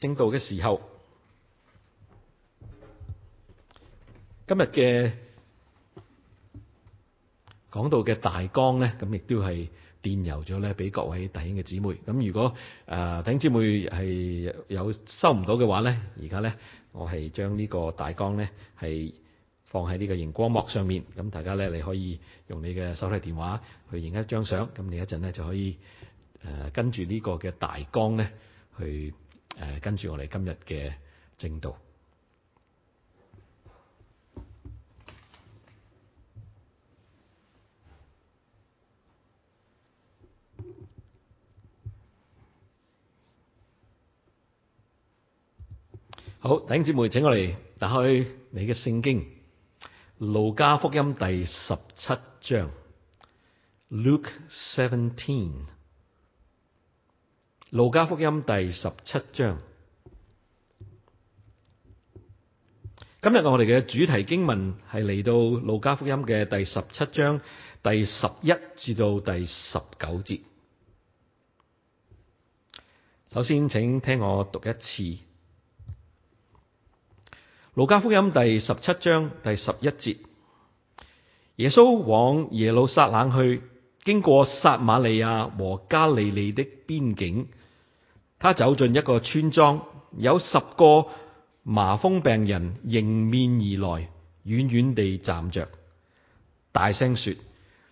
升道嘅時候，今日嘅講道嘅大綱咧，咁亦都係電郵咗咧，俾各位弟兄嘅姊妹。咁如果誒，弟兄姊妹係有收唔到嘅話咧，而家咧，我係將呢個大綱咧係放喺呢個熒光幕上面，咁大家咧，你可以用你嘅手提電話去影一張相，咁你一陣咧就可以誒、呃、跟住呢個嘅大綱咧去。誒，跟住我哋今日嘅正道。好，弟兄姊妹，請我哋打開你嘅聖經《路加福音》第十七章，《Luke Seventeen》。路加福音第十七章，今日我哋嘅主題經文係嚟到路加福音嘅第十七章第十一至到第十九節。首先，請聽我讀一次《路加福音》第十七章第十一節：耶穌往耶路撒冷去，經過撒瑪利亞和加利利的邊境。他走進一個村莊，有十個麻風病人迎面而來，遠遠地站着，大聲說：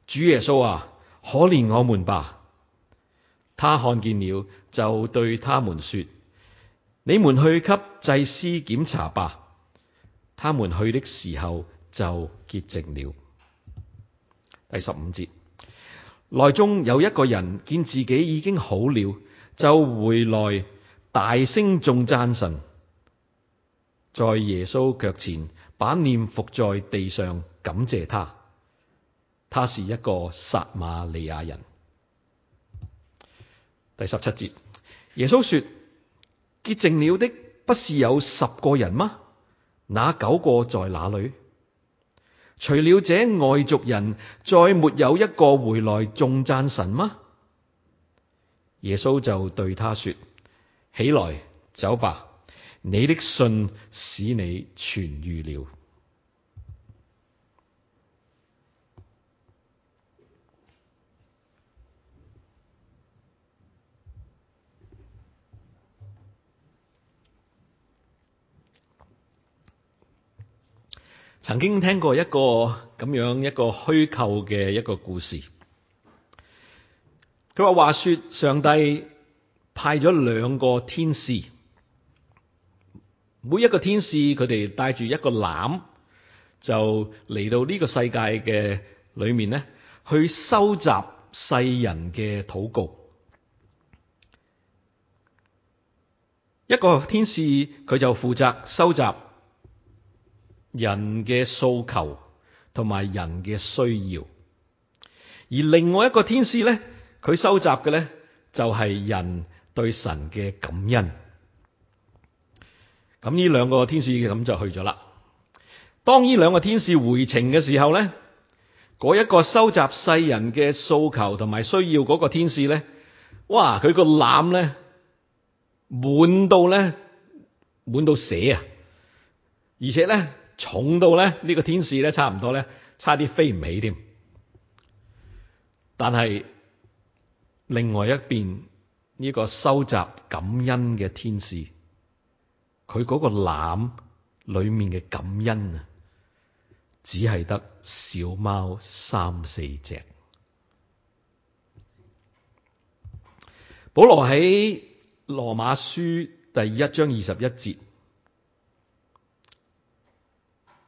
主耶穌啊，可憐我們吧！他看見了，就對他們說：你們去給祭司檢查吧。他們去的時候就潔淨了。第十五節，內中有一個人見自己已經好了。就回來大聲頌讚神，在耶穌腳前把臉伏在地上感謝他。他是一個撒瑪利亞人。第十七節，耶穌說：潔淨了的不是有十個人嗎？那九個在哪裏？除了這外族人，再沒有一個回來頌讚神嗎？耶穌就對他說：起來，走吧，你的信使你痊癒了。曾經聽過一個咁樣一個虛構嘅一個故事。佢話：話說，上帝派咗兩個天使，每一個天使佢哋帶住一個籃，就嚟到呢個世界嘅裏面呢，去收集世人嘅禱告。一個天使佢就負責收集人嘅訴求同埋人嘅需要，而另外一個天使咧。佢收集嘅咧就係人對神嘅感恩。咁呢兩個天使咁就去咗啦。當呢兩個天使回程嘅時候咧，嗰一個收集世人嘅訴求同埋需要嗰個天使咧，哇！佢個籃咧滿到咧滿到死啊！而且咧重到咧呢個天使咧差唔多咧差啲飛唔起添。但係。另外一邊呢個收集感恩嘅天使，佢嗰個籃裏面嘅感恩啊，只係得小貓三四隻。保羅喺羅馬書第一章二十一節，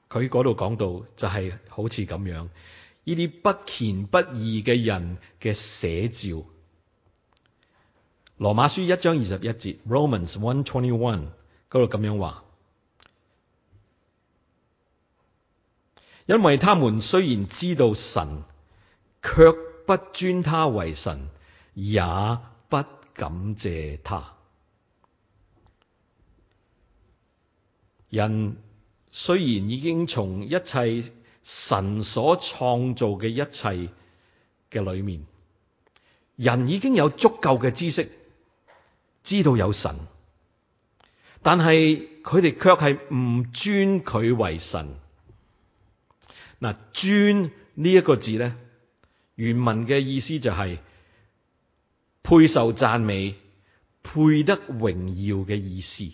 佢嗰度講到就係好似咁樣，呢啲不虔不義嘅人嘅寫照。羅馬書一章二十一節，Romans one twenty one，嗰度咁樣話：因為他們雖然知道神，卻不尊他為神，也不感謝他。人雖然已經從一切神所創造嘅一切嘅裏面，人已經有足夠嘅知識。知道有神，但係佢哋卻係唔尊佢為神。嗱，尊呢一個字咧，原文嘅意思就係、是、配受讚美、配得榮耀嘅意思。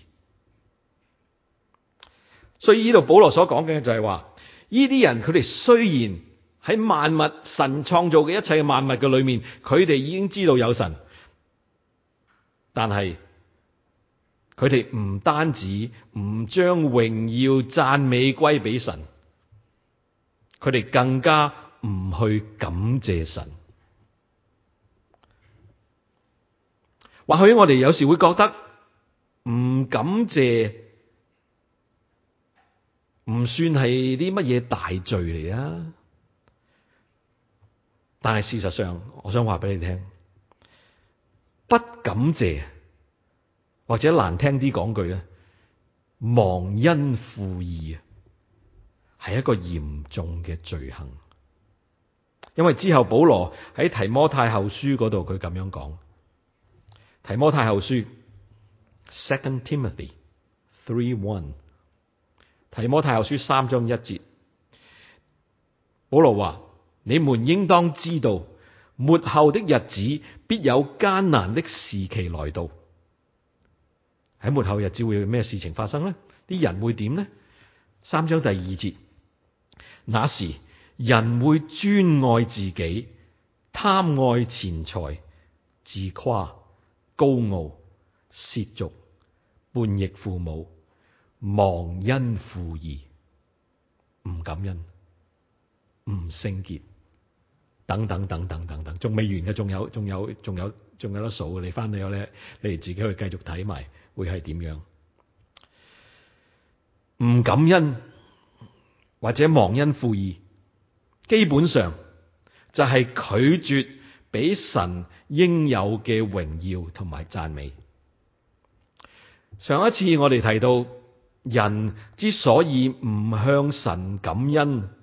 所以呢度保羅所講嘅就係話，呢啲人佢哋雖然喺萬物神創造嘅一切萬物嘅裏面，佢哋已經知道有神。但係佢哋唔單止唔將榮耀讚美歸俾神，佢哋更加唔去感謝神。或許我哋有時會覺得唔感謝唔算係啲乜嘢大罪嚟啊！但係事實上，我想話俾你聽。不感謝，或者難聽啲講句咧，忘恩負義啊，係一個嚴重嘅罪行。因為之後保羅喺提摩太後書度，佢咁樣講：提摩太後書 Second Timothy three one，提摩太後書三章一節，保羅話：你們應當知道。末後的日子必有艱難的時期來到，喺末後日子會有咩事情發生呢？啲人會點呢？三章第二節，那時人會專愛自己，貪愛錢財，自誇高傲，褻瀆叛逆父母，忘恩負義，唔感恩，唔聖潔。等等等等等等，仲未完嘅，仲有仲有仲有仲有得數嘅，你翻去有咧，你哋自己去繼續睇埋，會係點樣？唔 感恩或者忘恩負義，基本上就係拒絕俾神應有嘅榮耀同埋讚美。上一次我哋提到，人之所以唔向神感恩。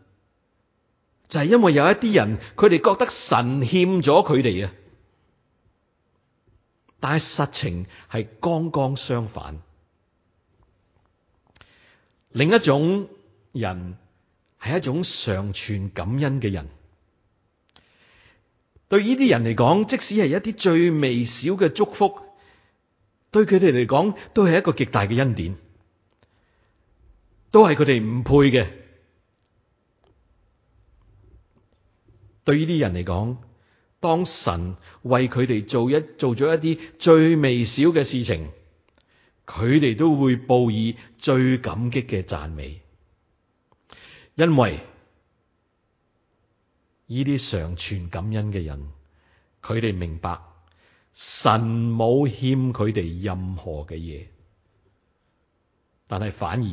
就係因為有一啲人，佢哋覺得神欠咗佢哋啊，但係實情係剛剛相反。另一種人係一種常存感恩嘅人，對呢啲人嚟講，即使係一啲最微小嘅祝福，對佢哋嚟講都係一個極大嘅恩典，都係佢哋唔配嘅。對呢啲人嚟講，當神為佢哋做一做咗一啲最微小嘅事情，佢哋都會報以最感激嘅讚美。因為呢啲常存感恩嘅人，佢哋明白神冇欠佢哋任何嘅嘢，但係反而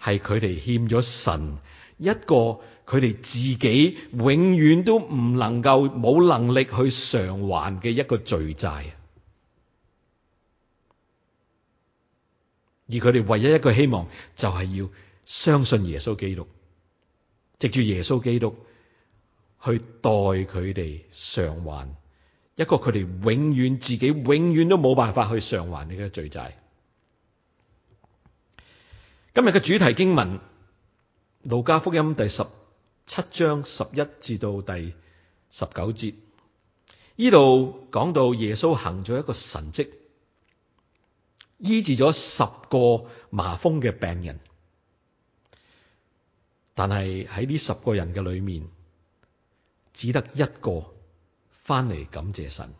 係佢哋欠咗神。一個佢哋自己永遠都唔能夠冇能力去償還嘅一個罪債，而佢哋唯一一個希望就係要相信耶穌基督，藉住耶穌基督去代佢哋償還一個佢哋永遠自己永遠都冇辦法去償還嘅一個罪債。今日嘅主題經文。路加福音第十七章十一至到第十九節，呢度講到耶穌行咗一個神跡，醫治咗十個麻風嘅病人，但係喺呢十個人嘅裏面，只得一個翻嚟感謝神，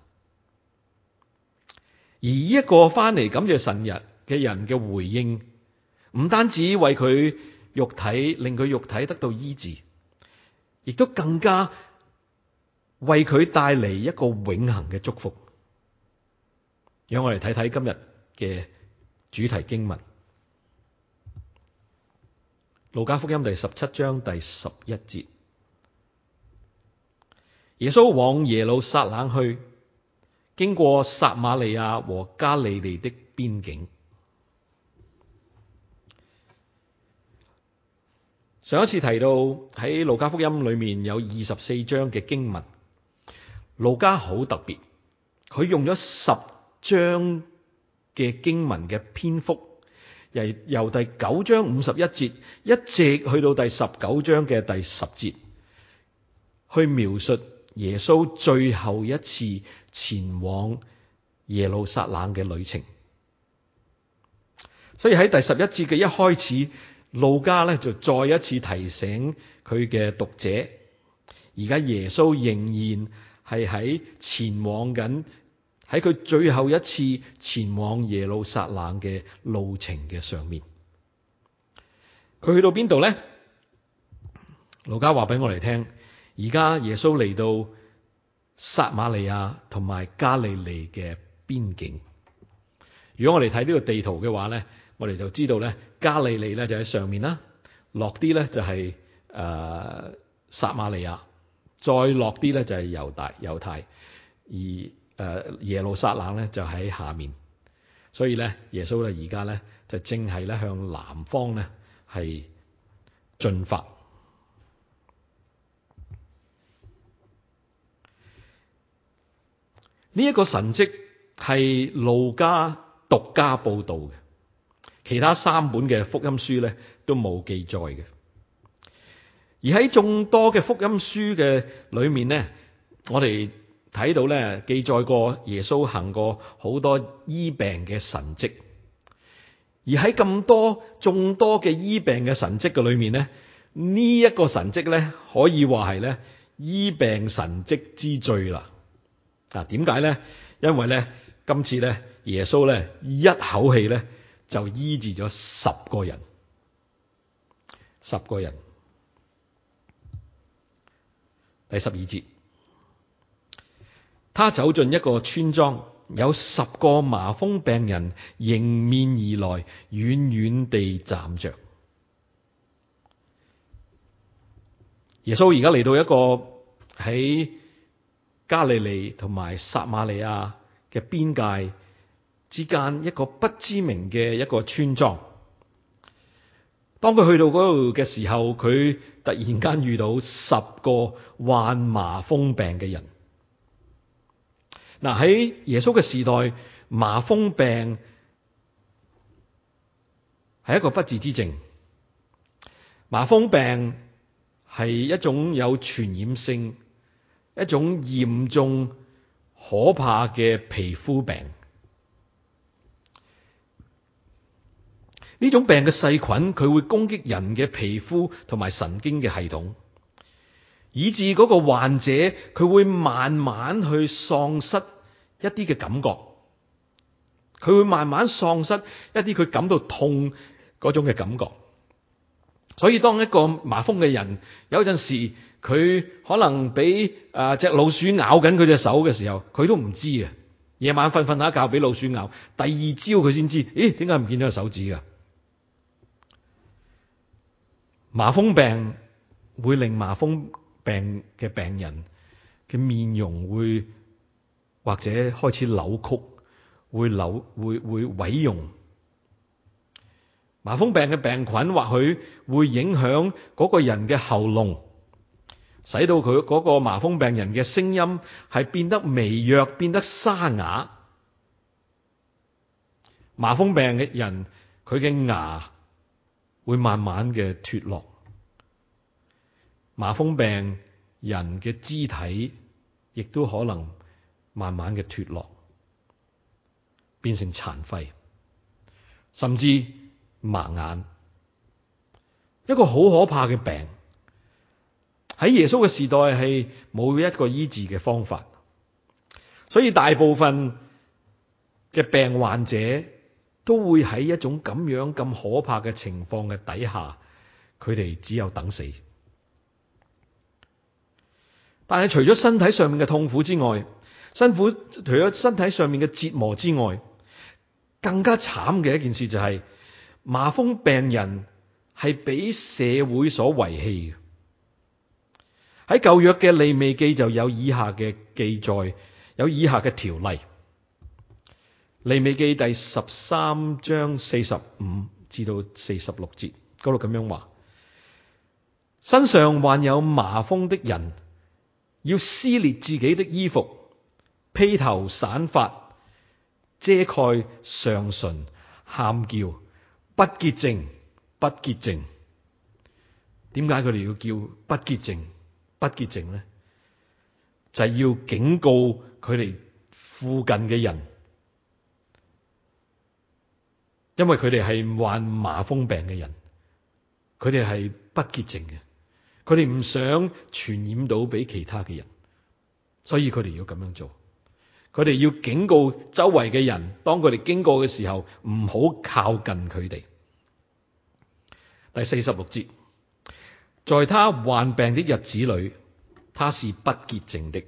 而呢一個翻嚟感謝神日嘅人嘅回應，唔單止為佢。肉體令佢肉體得到醫治，亦都更加為佢帶嚟一個永恆嘅祝福。讓我哋睇睇今日嘅主題經文，《路加福音》第十七章第十一節。耶穌往耶路撒冷去，經過撒瑪利亞和加利利的邊境。上一次提到喺路加福音裏面有二十四章嘅經文，路加好特別，佢用咗十章嘅經文嘅篇幅，由由第九章五十一節一直去到第十九章嘅第十節，去描述耶穌最後一次前往耶路撒冷嘅旅程。所以喺第十一節嘅一開始。路加咧就再一次提醒佢嘅讀者，而家耶穌仍然係喺前往緊喺佢最後一次前往耶路撒冷嘅路程嘅上面。佢去到邊度咧？路加話俾我哋聽，而家耶穌嚟到撒瑪利亞同埋加利利嘅邊境。如果我哋睇呢個地圖嘅話咧，我哋就知道咧。加利利咧就喺上面啦，落啲咧就係誒撒瑪利亞，再落啲咧就係猶大猶太，而誒、呃、耶路撒冷咧就喺下面。所以咧耶穌咧而家咧就正係咧向南方咧係進發。呢、這、一個神蹟係路加獨家報道嘅。其他三本嘅福音書呢都冇記載嘅，而喺眾多嘅福音書嘅裏面呢，我哋睇到呢記載過耶穌行過好多醫病嘅神蹟，而喺咁多眾多嘅醫病嘅神蹟嘅裏面呢，呢一個神蹟呢可以話係呢醫病神蹟之最啦。啊，點解呢？因為呢，今次呢耶穌呢一口氣呢。就醫治咗十個人，十個人。第十二節，他走進一個村莊，有十個麻風病人迎面而來，遠遠地站着。耶穌而家嚟到一個喺加利利同埋撒馬利亞嘅邊界，之間一個不知名嘅一個村莊。當佢去到嗰度嘅時候，佢突然間遇到十個患麻風病嘅人。嗱，喺耶穌嘅時代，麻風病係一個不治之症。麻風病係一種有傳染性、一種嚴重可怕嘅皮膚病。呢種病嘅細菌，佢會攻擊人嘅皮膚同埋神經嘅系統，以致嗰個患者佢會慢慢去喪失一啲嘅感覺，佢會慢慢喪失一啲佢感到痛嗰種嘅感覺。所以當一個麻風嘅人，有陣時佢可能俾啊隻老鼠咬緊佢隻手嘅時候，佢都唔知啊。夜晚瞓瞓下覺俾老鼠咬，第二朝佢先知，咦？點解唔見咗個手指啊？麻風病會令麻風病嘅病人嘅面容會或者開始扭曲，會扭會會，會毀容。麻風病嘅病菌或許會影響個人嘅喉嚨，使到佢個麻風病人嘅聲音係變得微弱、變得沙啞。麻風病嘅人佢嘅牙會慢慢嘅脫落。麻風病人嘅肢體亦都可能慢慢嘅脱落，變成殘廢，甚至盲眼。一個好可怕嘅病，喺耶穌嘅時代係冇一個醫治嘅方法，所以大部分嘅病患者都會喺一種咁樣咁可怕嘅情況嘅底下，佢哋只有等死。但係，除咗身體上面嘅痛苦之外，辛苦除咗身體上面嘅折磨之外，更加慘嘅一件事就係、是、麻風病人係俾社會所遺棄嘅。喺舊約嘅利未記就有以下嘅記載，有以下嘅條例。利未記第十三章四十五至到四十六節嗰度咁樣話：身上患有麻風的人，要撕裂自己的衣服，披頭散髮，遮蓋上唇，喊叫，不潔淨，不潔淨。點解佢哋要叫不潔淨，不潔淨咧？就係、是、要警告佢哋附近嘅人，因為佢哋係患麻風病嘅人，佢哋係不潔淨嘅。佢哋唔想傳染到俾其他嘅人，所以佢哋要咁樣做。佢哋要警告周圍嘅人，當佢哋經過嘅時候，唔好靠近佢哋。第四十六節，在他患病的日子裏，他是不潔淨的。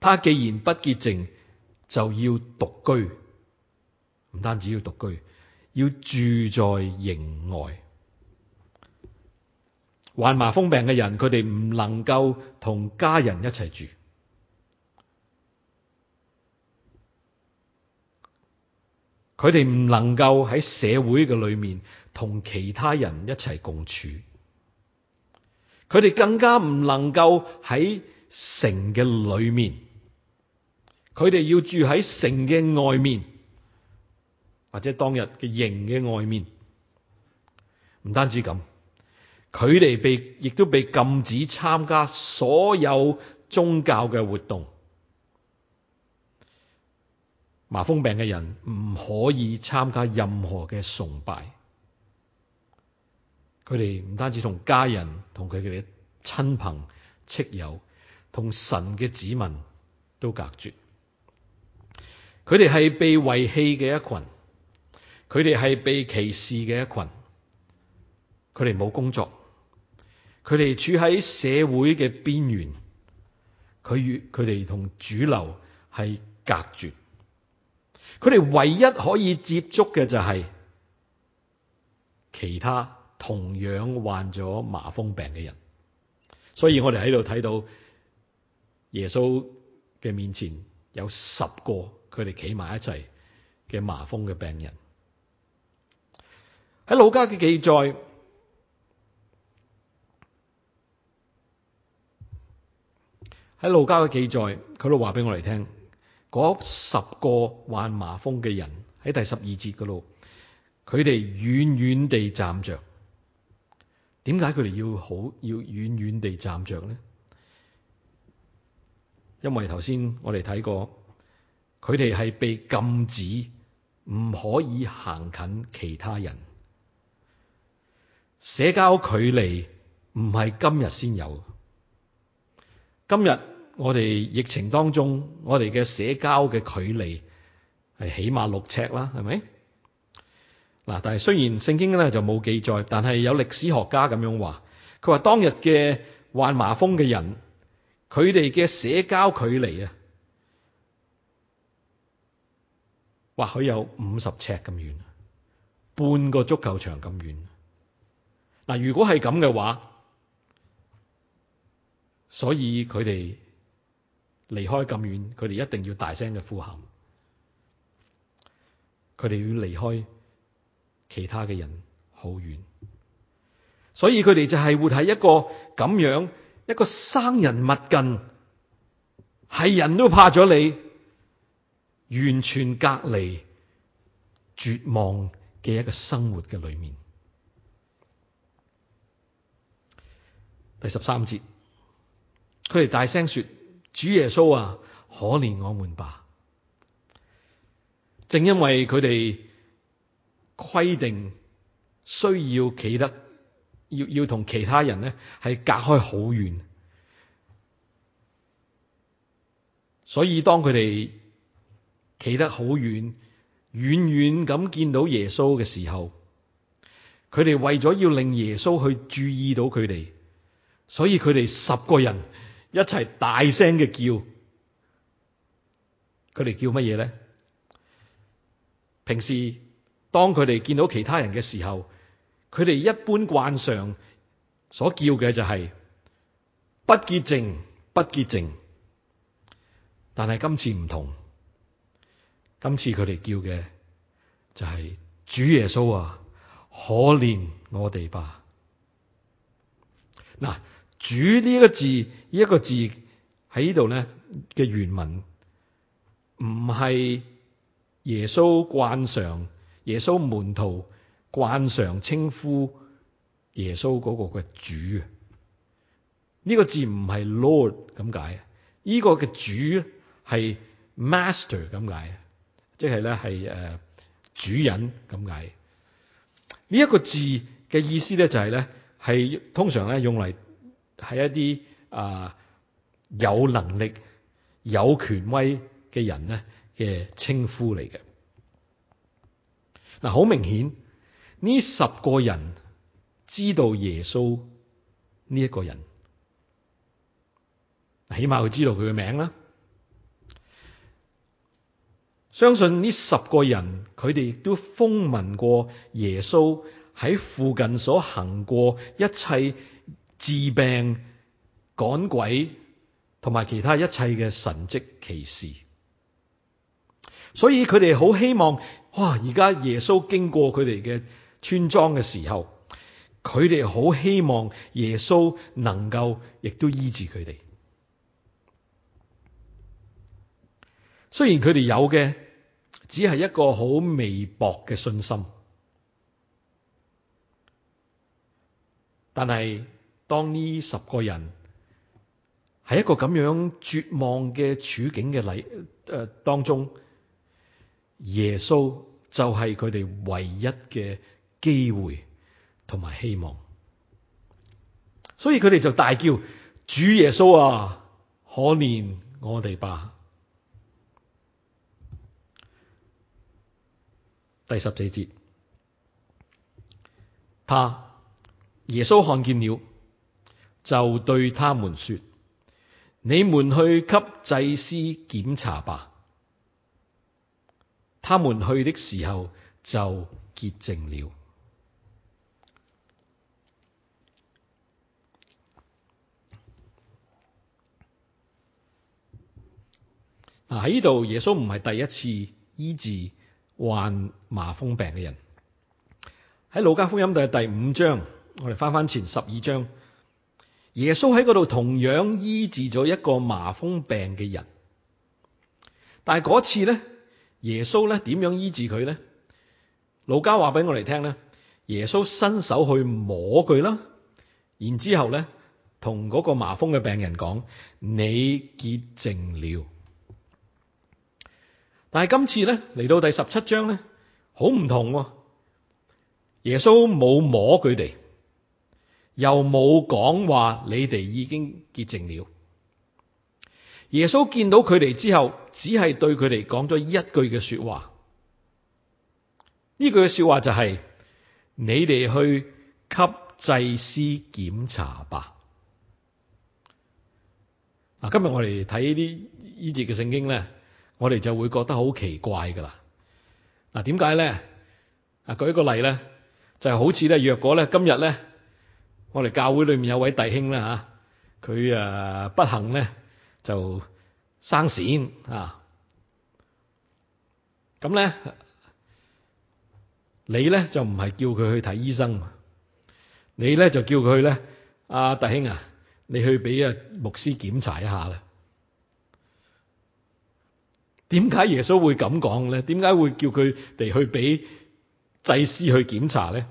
他既然不潔淨，就要獨居，唔單止要獨居，要住在營外。患麻風病嘅人，佢哋唔能夠同家人一齊住，佢哋唔能夠喺社會嘅裏面同其他人一齊共處，佢哋更加唔能夠喺城嘅裏面，佢哋要住喺城嘅外面，或者當日嘅營嘅外面，唔單止咁。佢哋被亦都被禁止參加所有宗教嘅活動。麻風病嘅人唔可以參加任何嘅崇拜。佢哋唔單止同家人、同佢哋嘅親朋戚友、同神嘅子民都隔絕。佢哋係被遺棄嘅一群，佢哋係被歧視嘅一群，佢哋冇工作。佢哋處喺社會嘅邊緣，佢與佢哋同主流係隔絕。佢哋唯一可以接觸嘅就係其他同樣患咗麻風病嘅人。所以我哋喺度睇到耶穌嘅面前有十個佢哋企埋一齊嘅麻風嘅病人。喺路加嘅記載。喺路加嘅記載，佢都話俾我哋聽，嗰十個患麻風嘅人，喺第十二節嗰度，佢哋遠遠地站着。點解佢哋要好要遠遠地站着呢？因為頭先我哋睇過，佢哋係被禁止唔可以行近其他人。社交距離唔係今日先有，今日。我哋疫情當中，我哋嘅社交嘅距離係起碼六尺啦，係咪？嗱，但係雖然聖經咧就冇記載，但係有歷史學家咁樣話，佢話當日嘅患麻風嘅人，佢哋嘅社交距離啊，或許有五十尺咁遠，半個足球場咁遠。嗱，如果係咁嘅話，所以佢哋。離開咁遠，佢哋一定要大聲嘅呼喊，佢哋要離開其他嘅人好遠，所以佢哋就係活喺一個咁樣一個生人勿近，係人都怕咗你，完全隔離絕望嘅一個生活嘅裏面。第十三節，佢哋大聲說。主耶穌啊，可憐我們吧！正因為佢哋規定需要企得要要同其他人呢係隔開好遠，所以當佢哋企得好遠，遠遠咁見到耶穌嘅時候，佢哋為咗要令耶穌去注意到佢哋，所以佢哋十個人。一齊大聲嘅叫，佢哋叫乜嘢咧？平時當佢哋見到其他人嘅時候，佢哋一般慣常所叫嘅就係不潔淨，不潔淨。但係今次唔同，今次佢哋叫嘅就係主耶穌啊，可憐我哋吧。嗱。主呢個字，呢一個字喺呢度咧嘅原文唔係耶穌慣常、耶穌門徒慣常稱呼耶穌嗰個嘅主啊。呢個字唔係 Lord 咁解，呢個嘅主係 Master 咁解，即係咧係誒主人咁解。呢一個字嘅意思咧就係咧係通常咧用嚟。.係一啲啊、呃、有能力、有權威嘅人咧嘅稱呼嚟嘅。嗱，好明顯，呢十個人知道耶穌呢一個人，起碼佢知道佢嘅名啦。相信呢十個人，佢哋都風聞過耶穌喺附近所行過一切。治病、趕鬼同埋其他一切嘅神跡奇事，所以佢哋好希望，哇！而家耶穌經過佢哋嘅村莊嘅時候，佢哋好希望耶穌能夠亦都醫治佢哋。雖然佢哋有嘅只係一個好微薄嘅信心，但係。當呢十個人喺一個咁樣絕望嘅處境嘅禮誒、呃、當中，耶穌就係佢哋唯一嘅機會同埋希望，所以佢哋就大叫：主耶穌啊，可憐我哋吧！第十四節，怕耶穌看見了。就對他們說：你們去給祭司檢查吧。他們去的時候就潔淨了。嗱喺呢度，耶穌唔係第一次醫治患麻風病嘅人。喺《路加福音》第第五章，我哋翻翻前十二章。耶穌喺嗰度同樣醫治咗一個麻風病嘅人，但係嗰次咧，耶穌咧點樣醫治佢咧？路加話俾我哋聽咧，耶穌伸手去摸佢啦，然之後咧，同嗰個麻風嘅病人講：你潔淨了。但係今次咧，嚟到第十七章咧，好唔同。耶穌冇摸佢哋。又冇講話，你哋已經潔淨了。耶穌見到佢哋之後，只係對佢哋講咗一句嘅說話。呢句嘅說話就係：你哋去給祭司檢查吧。嗱，今日我哋睇呢啲呢節嘅聖經咧，我哋就會覺得好奇怪噶啦。嗱，點解咧？啊，舉一個例咧，就係好似咧，若果咧，今日咧。我哋教會裏面有位弟兄啦吓，佢啊不幸咧，就生癬啊，咁咧，你咧就唔係叫佢去睇醫生，你咧就叫佢咧，阿弟兄啊，你去俾阿牧師檢查一下啦。點解耶穌會咁講咧？點解會叫佢哋去俾祭司去檢查咧？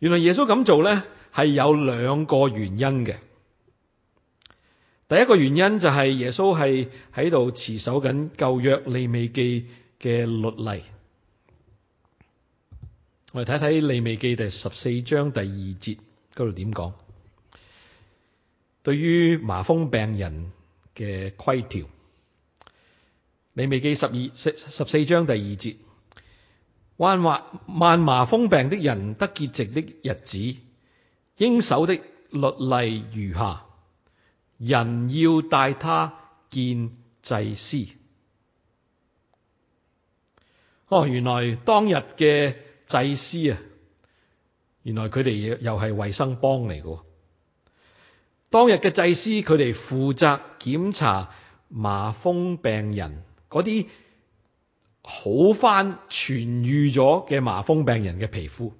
原來耶穌咁做咧，係有兩個原因嘅。第一個原因就係耶穌係喺度持守緊舊約利未記嘅律例。我哋睇睇利未記第十四章第二節嗰度點講？對於麻風病人嘅規條，利未記十二十十四章第二節。患患麻風病的人得潔淨的日子，應守的律例如下：人要帶他見祭司。哦，原來當日嘅祭司啊，原來佢哋又係衛生幫嚟嘅。當日嘅祭司，佢哋負責檢查麻風病人嗰啲。好返痊癒咗嘅麻風病人嘅皮膚。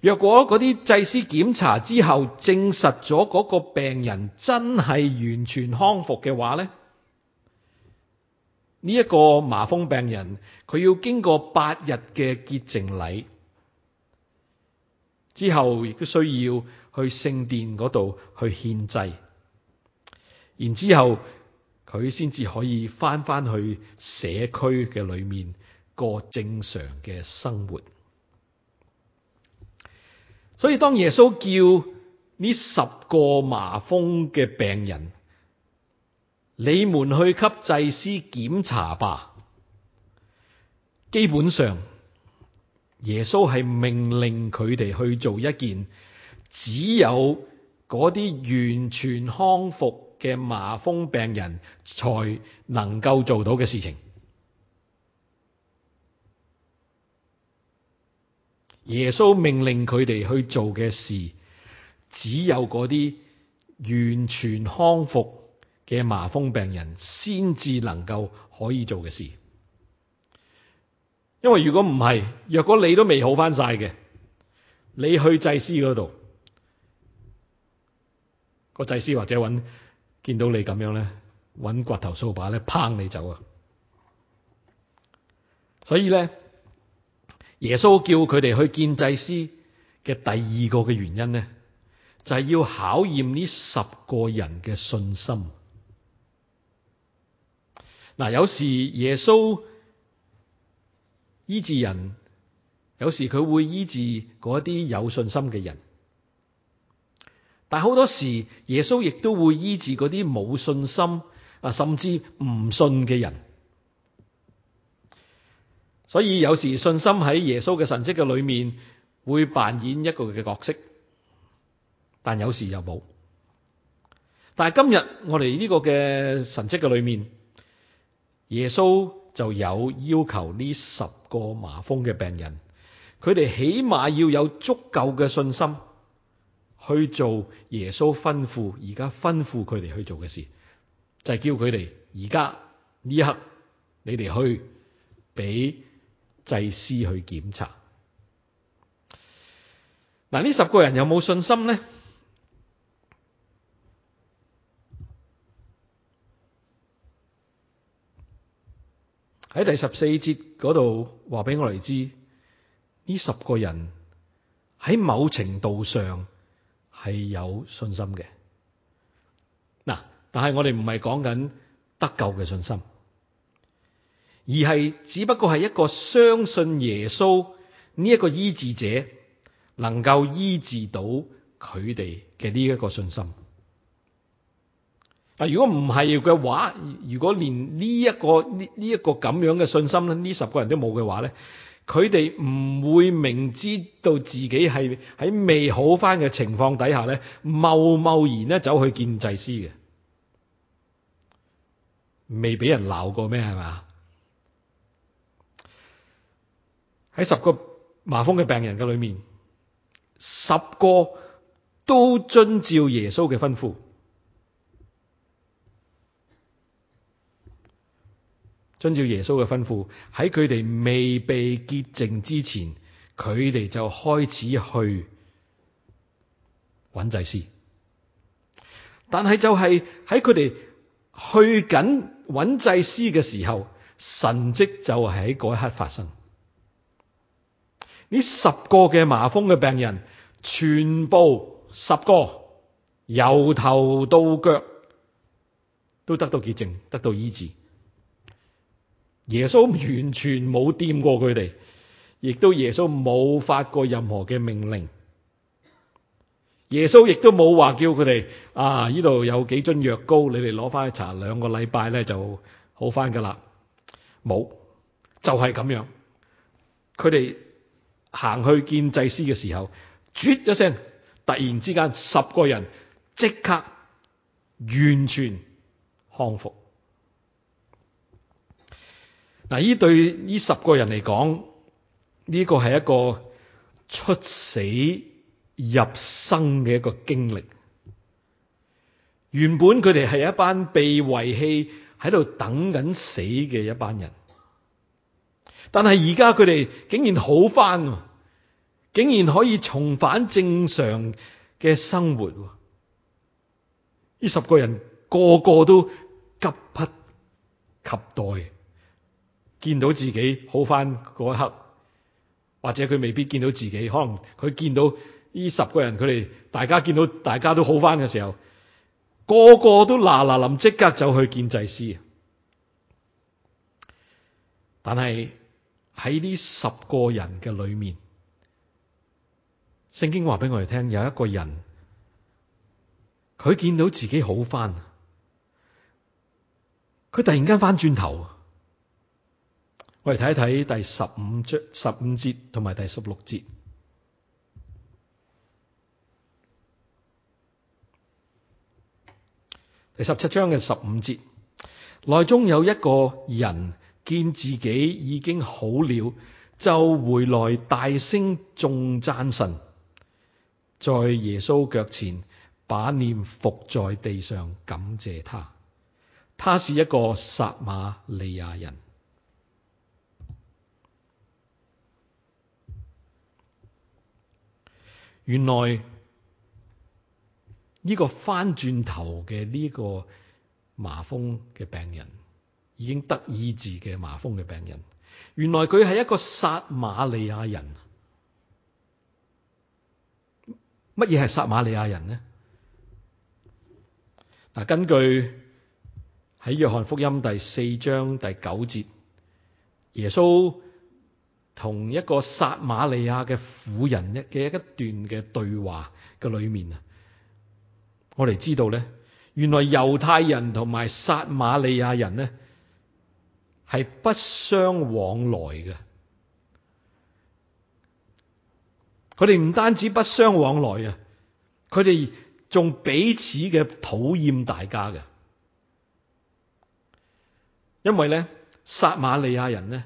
若果嗰啲祭司檢查之後證實咗嗰個病人真係完全康復嘅話咧，呢、這、一個麻風病人佢要經過八日嘅潔淨禮之後，亦都需要去聖殿嗰度去獻祭，然之後。佢先至可以返返去社區嘅裏面過正常嘅生活，所以當耶穌叫呢十個麻風嘅病人，你們去給祭司檢查吧。基本上，耶穌係命令佢哋去做一件，只有嗰啲完全康復。嘅麻風病人才能夠做到嘅事情，耶穌命令佢哋去做嘅事，只有嗰啲完全康復嘅麻風病人先至能夠可以做嘅事。因為如果唔係，若果你都未好翻曬嘅，你去祭司嗰度，個祭司或者揾。見到你咁樣咧，搵骨頭掃把咧，抨你走啊！所以咧，耶穌叫佢哋去見祭司嘅第二個嘅原因咧，就係、是、要考驗呢十個人嘅信心。嗱，有時耶穌醫治人，有時佢會醫治嗰啲有信心嘅人。但好多時，耶穌亦都會醫治嗰啲冇信心啊，甚至唔信嘅人。所以有時信心喺耶穌嘅神蹟嘅裏面會扮演一個嘅角色，但有時又冇。但係今日我哋呢個嘅神蹟嘅裏面，耶穌就有要求呢十個麻風嘅病人，佢哋起碼要有足夠嘅信心，去做耶穌吩咐，而家吩咐佢哋去做嘅事，就係、是、叫佢哋而家呢一刻，你哋去俾祭司去檢查。嗱，呢十個人有冇信心咧？喺第十四節度話俾我哋知，呢十個人喺某程度上。係有信心嘅。嗱，但係我哋唔係講緊得救嘅信心，而係只不過係一個相信耶穌呢一個醫治者能夠醫治到佢哋嘅呢一個信心。嗱，如果唔係嘅話，如果連呢、這、一個呢呢一個咁、這個、樣嘅信心咧，呢十個人都冇嘅話咧？佢哋唔會明知道自己係喺未好翻嘅情況底下咧，貿貿然咧走去見祭司嘅，未俾人鬧過咩係嘛？喺十個麻風嘅病人嘅裏面，十個都遵照耶穌嘅吩咐。遵照耶穌嘅吩咐，喺佢哋未被潔淨之前，佢哋就開始去揾祭司。但係就係喺佢哋去緊揾祭司嘅時候，神蹟就喺嗰一刻發生。呢十個嘅麻風嘅病人，全部十個由頭到腳都得到潔淨，得到醫治。耶穌完全冇掂過佢哋，亦都耶穌冇發過任何嘅命令。耶穌亦都冇話叫佢哋啊，呢度有幾樽藥膏你哋攞翻去搽兩個禮拜咧就好翻噶啦。冇，就係咁樣。佢哋行去見祭司嘅時候，啜一聲，突然之間十個人即刻完全康復。嗱，呢對呢十個人嚟講，呢個係一個出死入生嘅一個經歷。原本佢哋係一班被遺棄喺度等緊死嘅一班人，但係而家佢哋竟然好翻，竟然可以重返正常嘅生活。呢十個人個個都急不及待。見到自己好翻嗰一刻，或者佢未必見到自己，可能佢見到呢十個人佢哋大家見到大家都好翻嘅時候，個個都嗱嗱臨即刻走去見祭司。但係喺呢十個人嘅裏面，聖經話俾我哋聽，有一個人佢見到自己好翻，佢突然間翻轉頭。我哋睇一睇第十五章十五節同埋第十六節，第十七章嘅十五節，內中有一個人見自己已經好了，就回來大聲頌讚神，在耶穌腳前把念伏在地上感謝他。他是一個撒瑪利亞人。原來呢個翻轉頭嘅呢個麻風嘅病人，已經得醫治嘅麻風嘅病人，原來佢係一個撒瑪利亞人。乜嘢係撒瑪利亞人呢？嗱，根據喺約翰福音第四章第九節，耶穌。同一個撒瑪利亞嘅婦人一嘅一段嘅對話嘅裏面啊，我哋知道咧，原來猶太人同埋撒瑪利亞人呢係不相往來嘅，佢哋唔單止不相往來啊，佢哋仲彼此嘅討厭大家嘅，因為咧撒瑪利亞人呢。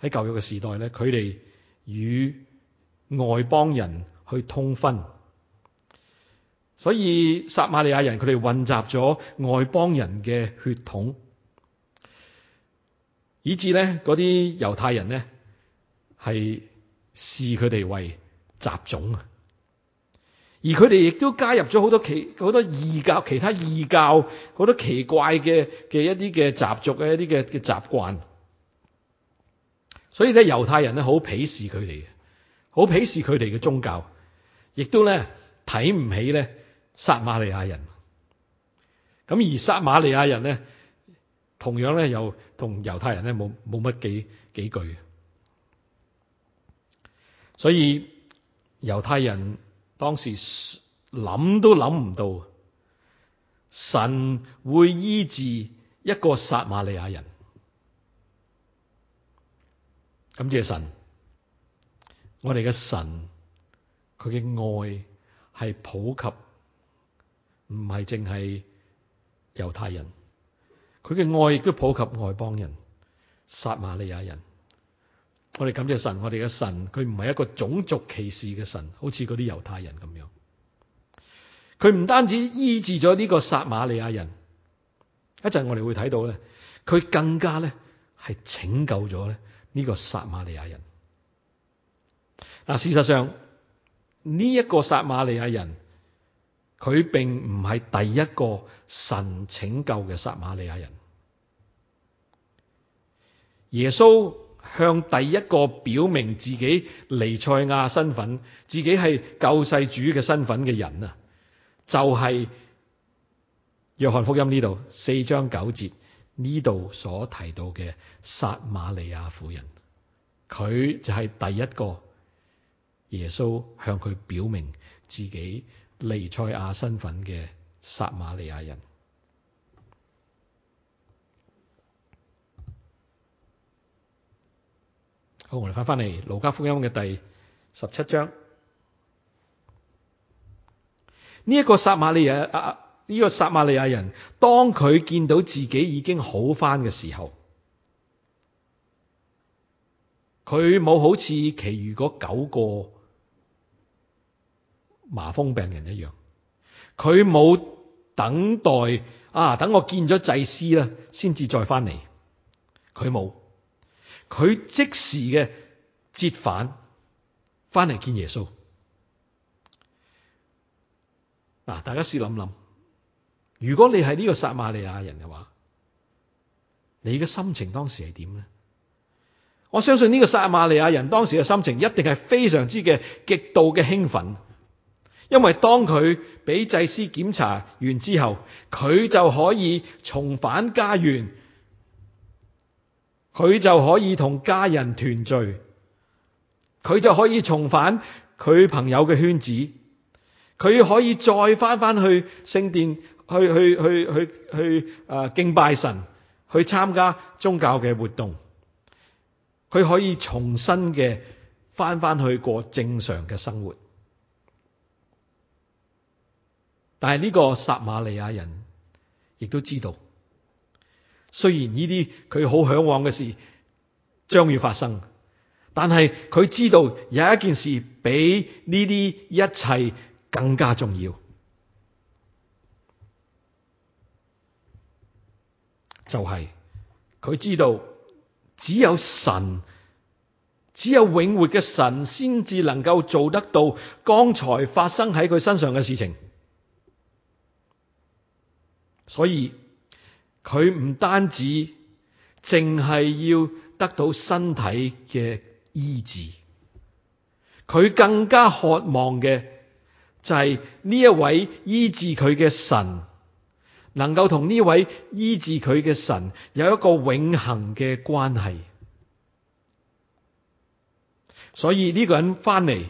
喺舊約嘅時代咧，佢哋與外邦人去通婚，所以撒瑪利亞人佢哋混雜咗外邦人嘅血統，以至咧嗰啲猶太人咧係視佢哋為雜種啊，而佢哋亦都加入咗好多奇好多異教，其他異教，好多奇怪嘅嘅一啲嘅習俗嘅一啲嘅嘅習慣。所以咧，猶太人咧好鄙視佢哋嘅，好鄙視佢哋嘅宗教，亦都咧睇唔起咧撒瑪利亞人。咁而撒瑪利亞人咧，同樣咧又同猶太人咧冇冇乜幾幾句嘅。所以猶太人當時諗都諗唔到，神會醫治一個撒瑪利亞人。感謝神，我哋嘅神佢嘅愛係普及，唔係淨係猶太人。佢嘅愛亦都普及外邦人、撒瑪利亞人。我哋感謝神，我哋嘅神佢唔係一個種族歧視嘅神，好似嗰啲猶太人咁樣。佢唔單止醫治咗呢個撒瑪利亞人，一陣我哋會睇到咧，佢更加咧係拯救咗咧。呢個撒瑪利亞人，嗱事實上呢一、這個撒瑪利亞人，佢並唔係第一個神拯救嘅撒瑪利亞人。耶穌向第一個表明自己彌賽亞身份、自己係救世主嘅身份嘅人啊，就係、是、約翰福音呢度四章九節。呢度所提到嘅撒瑪利亞婦人，佢就係第一個耶穌向佢表明自己彌賽亞身份嘅撒瑪利亞人。好，我哋翻翻嚟《路加福音》嘅第十七章，呢一個撒瑪利亞啊。呢個撒瑪利亞人，當佢見到自己已經好翻嘅時候，佢冇好似其餘嗰九個麻風病人一樣，佢冇等待啊，等我見咗祭司啦，先至再翻嚟。佢冇，佢即時嘅折返，翻嚟見耶穌。嗱，大家試諗諗。如果你係呢個撒瑪利亞人嘅話，你嘅心情當時係點呢？我相信呢個撒瑪利亞人當時嘅心情一定係非常之嘅極度嘅興奮，因為當佢俾祭司檢查完之後，佢就可以重返家園，佢就可以同家人團聚，佢就可以重返佢朋友嘅圈子，佢可以再翻翻去聖殿。去去去去去誒、uh，敬拜神，去參加宗教嘅活動，佢可以重新嘅翻返去過正常嘅生活。但係呢個撒瑪利亞人亦都知道，雖然呢啲佢好向往嘅事將要發生，但係佢知道有一件事比呢啲一切更加重要。就係佢知道，只有神，只有永活嘅神，先至能夠做得到剛才發生喺佢身上嘅事情。所以佢唔單止淨係要得到身體嘅醫治，佢更加渴望嘅就係呢一位醫治佢嘅神。能夠同呢位醫治佢嘅神有一個永恒嘅關係，所以呢個人翻嚟，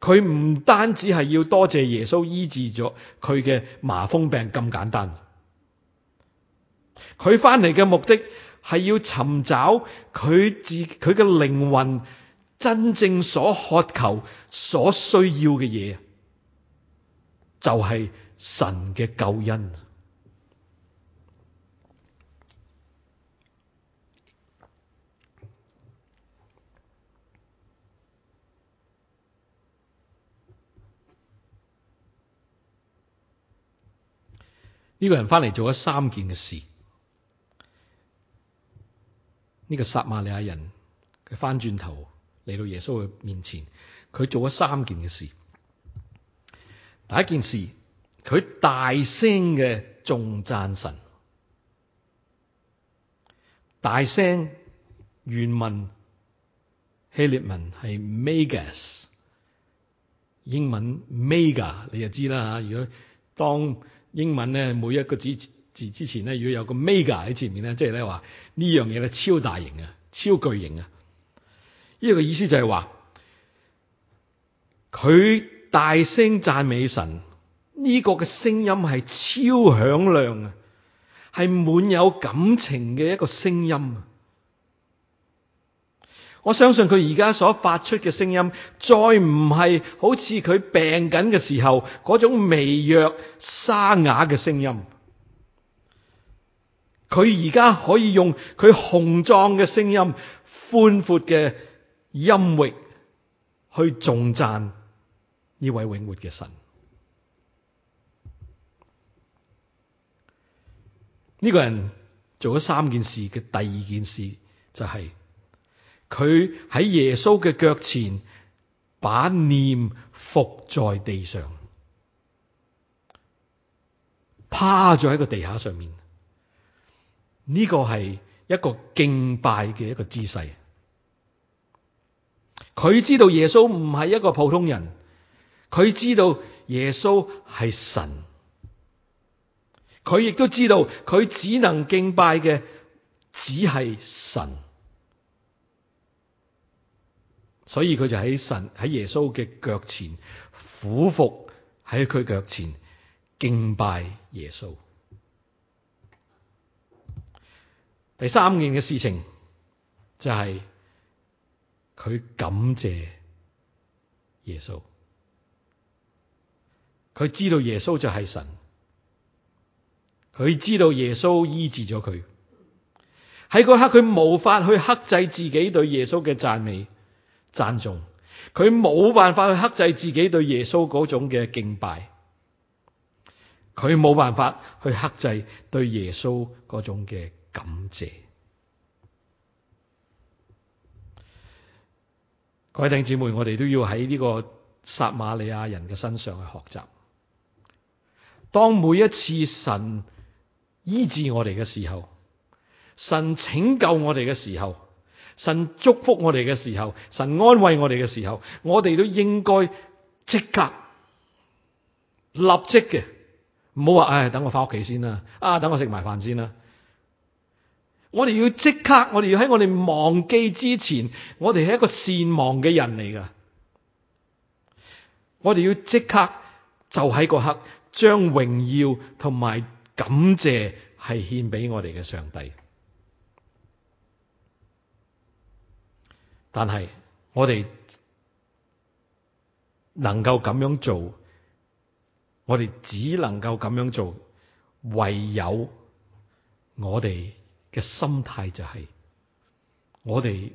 佢唔單止係要多謝耶穌醫治咗佢嘅麻風病咁簡單，佢翻嚟嘅目的係要尋找佢自佢嘅靈魂真正所渴求、所需要嘅嘢，就係神嘅救恩。呢個人翻嚟做咗三件嘅事。呢、這個撒瑪利亞人佢翻轉頭嚟到耶穌嘅面前，佢做咗三件嘅事。第一件事，佢大聲嘅頌讚神，大聲，原文希臘文係 Megas 英文 Mega，你就知啦吓。如果當英文咧，每一個字字之前咧，如果有個 mega 喺前面咧，即係咧話呢樣嘢咧，超大型啊，超巨型啊。呢個意思就係話，佢大聲讚美神，呢個嘅聲音係超響亮啊，係滿有感情嘅一個聲音啊。我相信佢而家所發出嘅聲音，再唔係好似佢病緊嘅時候嗰種微弱沙啞嘅聲音。佢而家可以用佢雄壯嘅聲音、寬闊嘅音域去頌讚呢位永活嘅神。呢個人做咗三件事嘅第二件事就係。佢喺耶穌嘅腳前，把念伏在地上，趴咗喺個地下上面。呢個係一個敬拜嘅一個姿勢。佢知道耶穌唔係一個普通人，佢知道耶穌係神，佢亦都知道佢只能敬拜嘅只係神。所以佢就喺神喺耶穌嘅腳前俯伏喺佢腳前敬拜耶穌。第三件嘅事情就係佢感謝耶穌，佢知道耶穌就係神，佢知道耶穌醫治咗佢。喺嗰刻佢無法去克制自己對耶穌嘅讚美、讚頌，佢冇辦法去克制自己對耶穌嗰種嘅敬拜，佢冇辦法去克制對耶穌嗰種嘅感謝。各位弟兄姊妹，我哋都要喺呢個撒瑪利亞人嘅身上去學習。當每一次神醫治我哋嘅時候，神拯救我哋嘅時候。神祝福我哋嘅時候，神安慰我哋嘅時候，我哋都應該即刻立即嘅，唔好話，唉，等我翻屋企先啦，啊，等我食埋飯先啦。我哋要即刻，我哋要喺我哋忘記之前，我哋係一個善忘嘅人嚟噶。我哋要即刻，就喺嗰刻，將榮耀同埋感謝係獻俾我哋嘅上帝。但係我哋能夠咁樣做，我哋只能夠咁樣做，唯有我哋嘅心態就係，我哋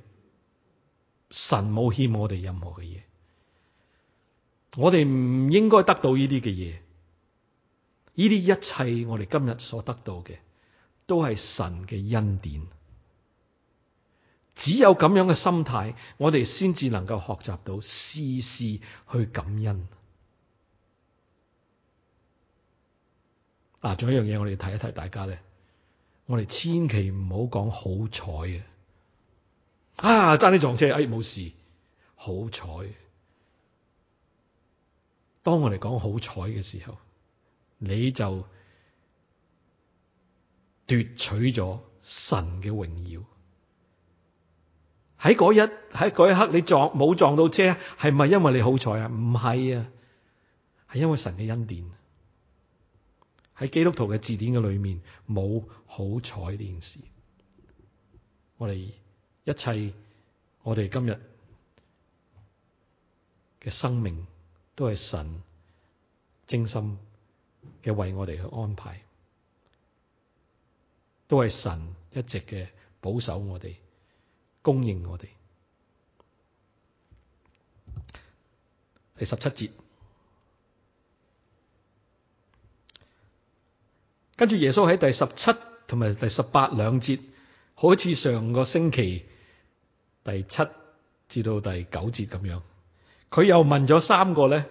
神冇欠我哋任何嘅嘢，我哋唔應該得到呢啲嘅嘢，呢啲一切我哋今日所得到嘅，都係神嘅恩典。只有咁樣嘅心態，我哋先至能夠學習到事事去感恩。嗱、啊，仲有一樣嘢，我哋提一提大家咧，我哋千祈唔好講好彩嘅，啊，啊，爭啲撞車，哎，冇事，好彩。當我哋講好彩嘅時候，你就奪取咗神嘅榮耀。喺嗰一喺嗰一刻，你撞冇撞到車，係唔係因為你好彩啊？唔係啊，係因為神嘅恩典。喺基督徒嘅字典嘅裏面，冇好彩呢件事。我哋一切，我哋今日嘅生命都係神精心嘅為我哋去安排，都係神一直嘅保守我哋，供應我哋。第十七節，跟住耶穌喺第十七同埋第十八兩節，好似上個星期第七至到第九節咁樣，佢又問咗三個咧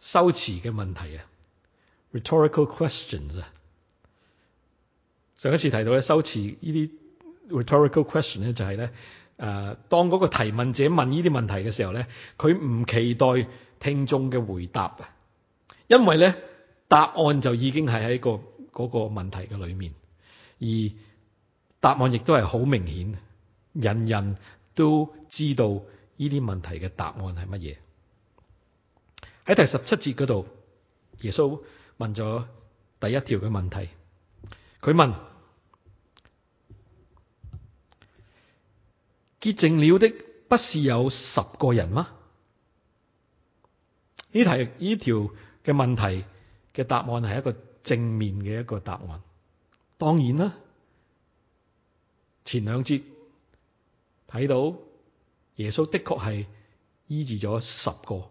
修辭嘅問題啊，rhetorical questions 啊。上一次提到咧修辭呢啲。Rhetorical question 咧就係咧，誒，當嗰個提問者問呢啲問題嘅時候咧，佢唔期待聽眾嘅回答啊，因為咧答案就已經係喺個嗰個問題嘅裏面，而答案亦都係好明顯，人人都知道呢啲問題嘅答案係乜嘢。喺第十七節嗰度，耶穌問咗第一條嘅問題，佢問。潔淨了的不是有十個人嗎？呢題呢條嘅問題嘅答案係一個正面嘅一個答案，當然啦。前兩節睇到耶穌的確係醫治咗十個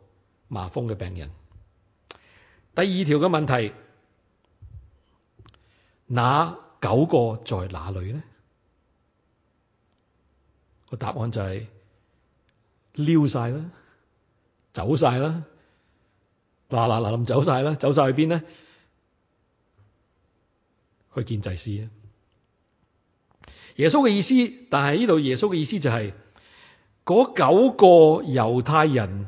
麻風嘅病人。第二條嘅問題，那九個在哪裏呢？答案就係撩晒啦，走晒啦，嗱嗱嗱，咁走晒啦，走晒去邊咧？去見祭司啊！耶穌嘅意思，但係呢度耶穌嘅意思就係、是，嗰九個猶太人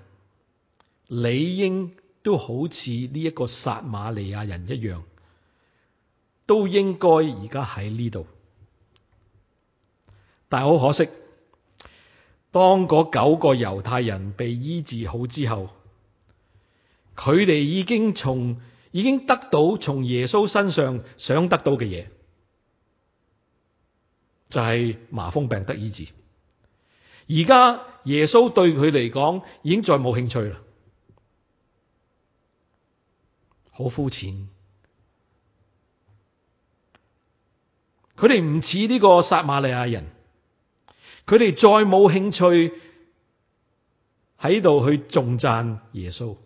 理應都好似呢一個撒瑪利亞人一樣，都應該而家喺呢度，但係好可惜。當嗰九個猶太人被醫治好之後，佢哋已經從已經得到從耶穌身上想得到嘅嘢，就係、是、麻風病得醫治。而家耶穌對佢嚟講，已經再冇興趣啦，好膚淺。佢哋唔似呢個撒瑪利亞人。佢哋再冇興趣喺度去重讚耶穌，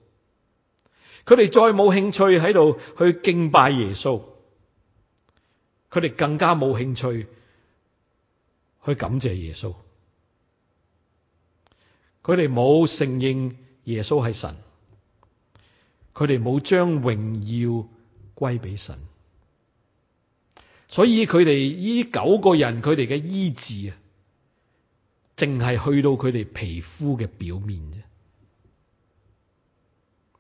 佢哋再冇興趣喺度去敬拜耶穌，佢哋更加冇興趣去感謝耶穌。佢哋冇承認耶穌係神，佢哋冇將榮耀歸俾神，所以佢哋呢九個人佢哋嘅醫治啊。淨係去到佢哋皮膚嘅表面啫，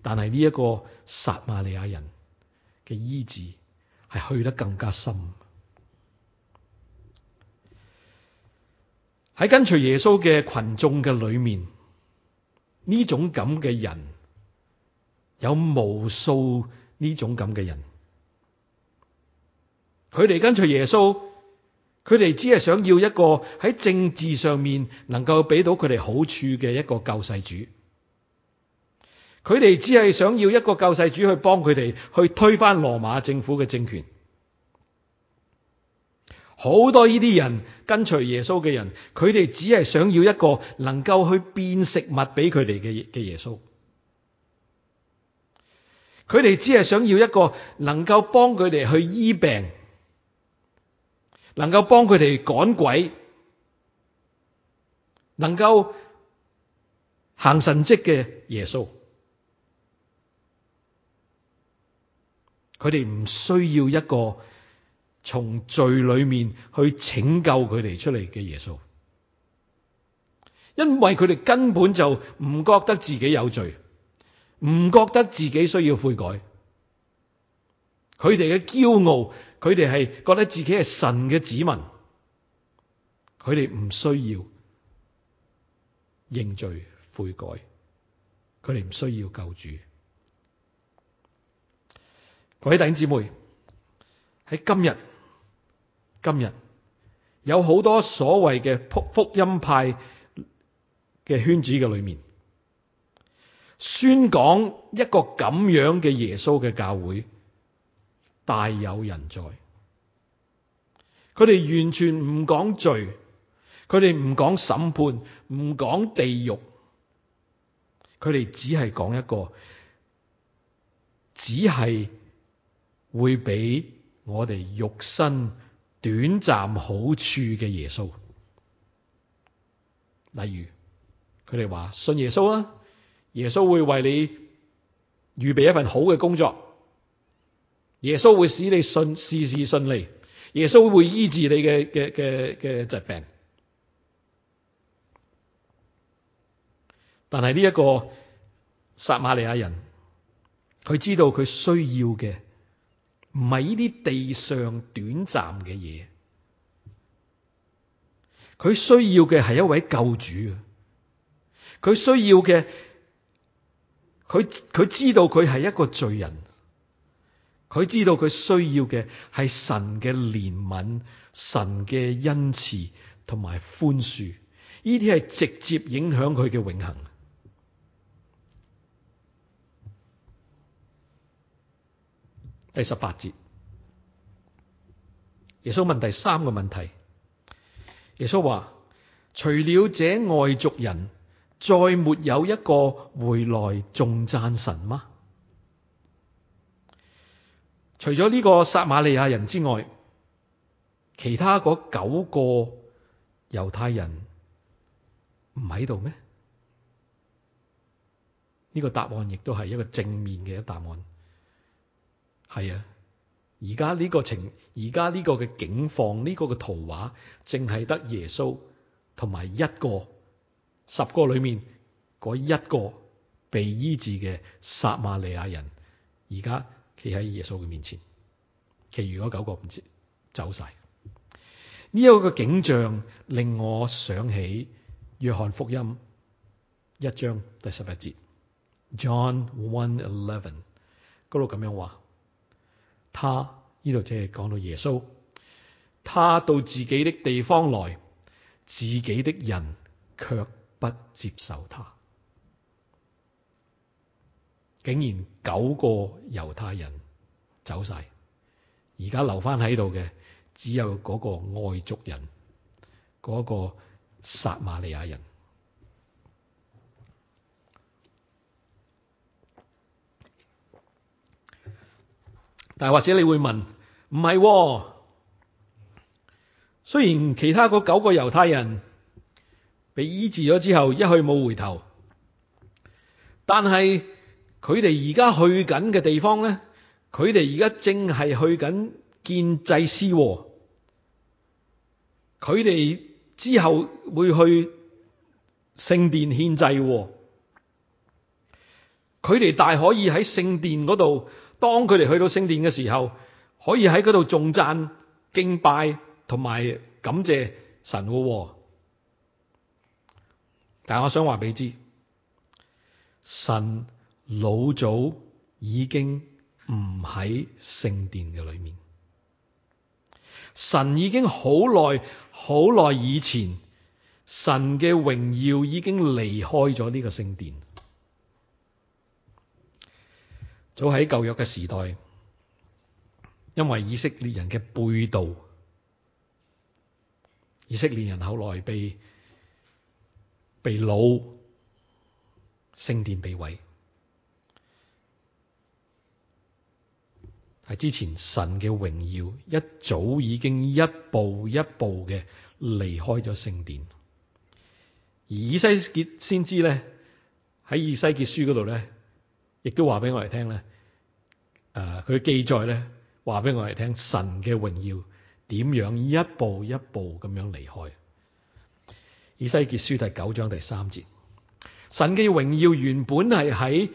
但係呢一個撒瑪利亞人嘅醫治係去得更加深。喺跟隨耶穌嘅群眾嘅裏面，呢種咁嘅人有無數，呢種咁嘅人，佢哋跟隨耶穌。佢哋只係想要一個喺政治上面能夠俾到佢哋好處嘅一個救世主。佢哋只係想要一個救世主去幫佢哋去推翻羅馬政府嘅政權。好多呢啲人跟隨耶穌嘅人，佢哋只係想要一個能夠去變食物俾佢哋嘅嘅耶穌。佢哋只係想要一個能夠幫佢哋去醫病。能夠幫佢哋趕鬼、能夠行神蹟嘅耶穌，佢哋唔需要一個從罪裏面去拯救佢哋出嚟嘅耶穌，因為佢哋根本就唔覺得自己有罪，唔覺得自己需要悔改，佢哋嘅驕傲。佢哋係覺得自己係神嘅子民，佢哋唔需要認罪悔改，佢哋唔需要救主。各位弟兄姊妹，喺今日，今日有好多所謂嘅福音派嘅圈子嘅裏面，宣講一個咁樣嘅耶穌嘅教會。大有人在，佢哋完全唔講罪，佢哋唔講審判，唔講地獄，佢哋只係講一個，只係會俾我哋肉身短暫好處嘅耶穌。例如，佢哋話信耶穌啊，耶穌會為你預備一份好嘅工作。耶穌會使你順，事事順利，耶穌會醫治你嘅嘅嘅嘅疾病。但係呢一個撒瑪利亞人，佢知道佢需要嘅唔係呢啲地上短暫嘅嘢，佢需要嘅係一位救主啊！佢需要嘅，佢佢知道佢係一個罪人。佢知道佢需要嘅係神嘅憐憫、神嘅恩慈同埋寬恕，呢啲係直接影響佢嘅永恆。第十八節，耶穌問第三個問題：耶穌話，除了這外族人，再沒有一個回來頌讚神嗎？除咗呢個撒瑪利亞人之外，其他嗰九個猶太人唔喺度咩？呢、這個答案亦都係一個正面嘅答案。係啊，而家呢個情，而家呢個嘅境況，呢、這個嘅圖畫，淨係得耶穌同埋一個，十個裏面嗰一個被醫治嘅撒瑪利亞人，而家。企喺耶穌嘅面前，其餘九個唔知走晒。呢、這、一個景象令我想起約翰福音一章第十一節。John one eleven 度咁樣話：，他呢度即係講到耶穌，他到自己的地方來，自己的人卻不接受他。竟然九個猶太人走晒，而家留翻喺度嘅只有嗰個外族人，嗰個撒瑪利亞人。但或者你會問，唔係喎，雖然其他九個猶太人被醫治咗之後一去冇回頭，但係。佢哋而家去緊嘅地方咧，佢哋而家正係去緊見祭司，啊，佢哋之後會去聖殿獻祭，啊，佢哋大可以喺聖殿嗰度。當佢哋去到聖殿嘅時候，可以喺嗰度頌讚、敬拜同埋感謝神，啊。但係我想話俾你知，神。老祖已經唔喺聖殿嘅裏面，神已經好耐好耐以前，神嘅榮耀已經離開咗呢個聖殿。早喺舊約嘅時代，因為以色列人嘅背道，以色列人後來被被擄，聖殿被毀。之前神嘅榮耀一早已經一步一步嘅離開咗聖殿，而以西結先知咧喺以西結書度咧，亦都話俾我哋聽咧，誒、呃、佢嘅記載咧話俾我哋聽神嘅榮耀點樣一步一步咁樣離開。以西結書第九章第三節，神嘅榮耀原本係喺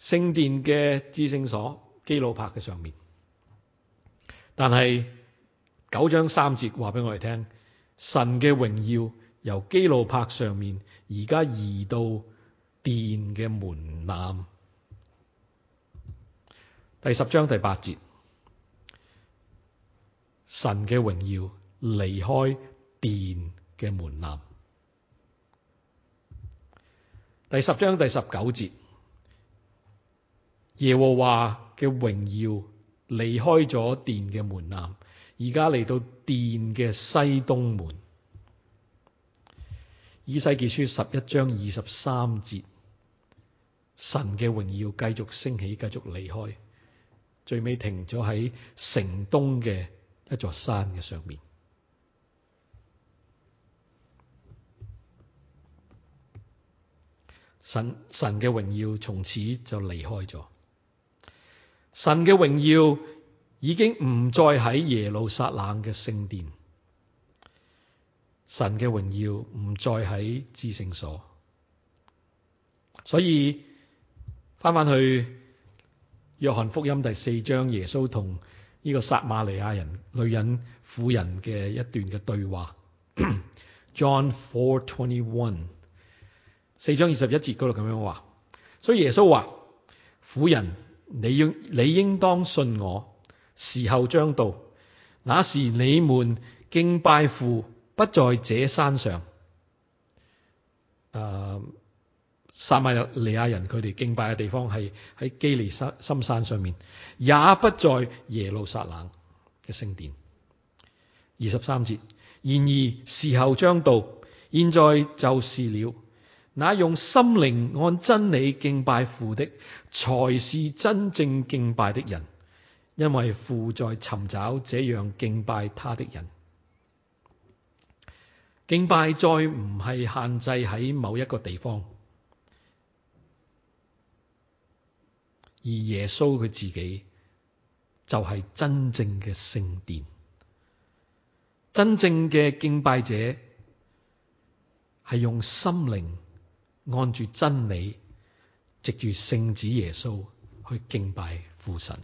聖殿嘅至聖所，基路伯嘅上面，但係九章三節話俾我哋聽，神嘅榮耀由基路伯上面而家移到殿嘅門檻。第十章第八節，神嘅榮耀離開殿嘅門檻。第十章第十九節，耶和華。嘅榮耀離開咗殿嘅門檻，而家嚟到殿嘅西東門。以西結書十一章二十三節，神嘅榮耀繼續升起，繼續離開，最尾停咗喺城東嘅一座山嘅上面。神神嘅榮耀從此就離開咗。神嘅榮耀已經唔再喺耶路撒冷嘅聖殿，神嘅榮耀唔再喺至聖所，所以翻翻去約翰福音第四章，耶穌同呢個撒瑪利亞人女人婦人嘅一段嘅對話。 John four twenty one，四章二十一節嗰度咁樣話，所以耶穌話婦人。你要你應當信我，時候將到，那時你們敬拜父不在這山上。誒、啊，撒瑪利亞人佢哋敬拜嘅地方係喺基利山深山上面，也不在耶路撒冷嘅聖殿。二十三節，然而時候將到，現在就是了。那用心靈按真理敬拜父的，才是真正敬拜的人，因為父在尋找這樣敬拜他的人。敬拜再唔係限制喺某一個地方，而耶穌佢自己就係真正嘅聖殿，真正嘅敬拜者係用心靈。按住真理，藉住聖子耶穌去敬拜父神。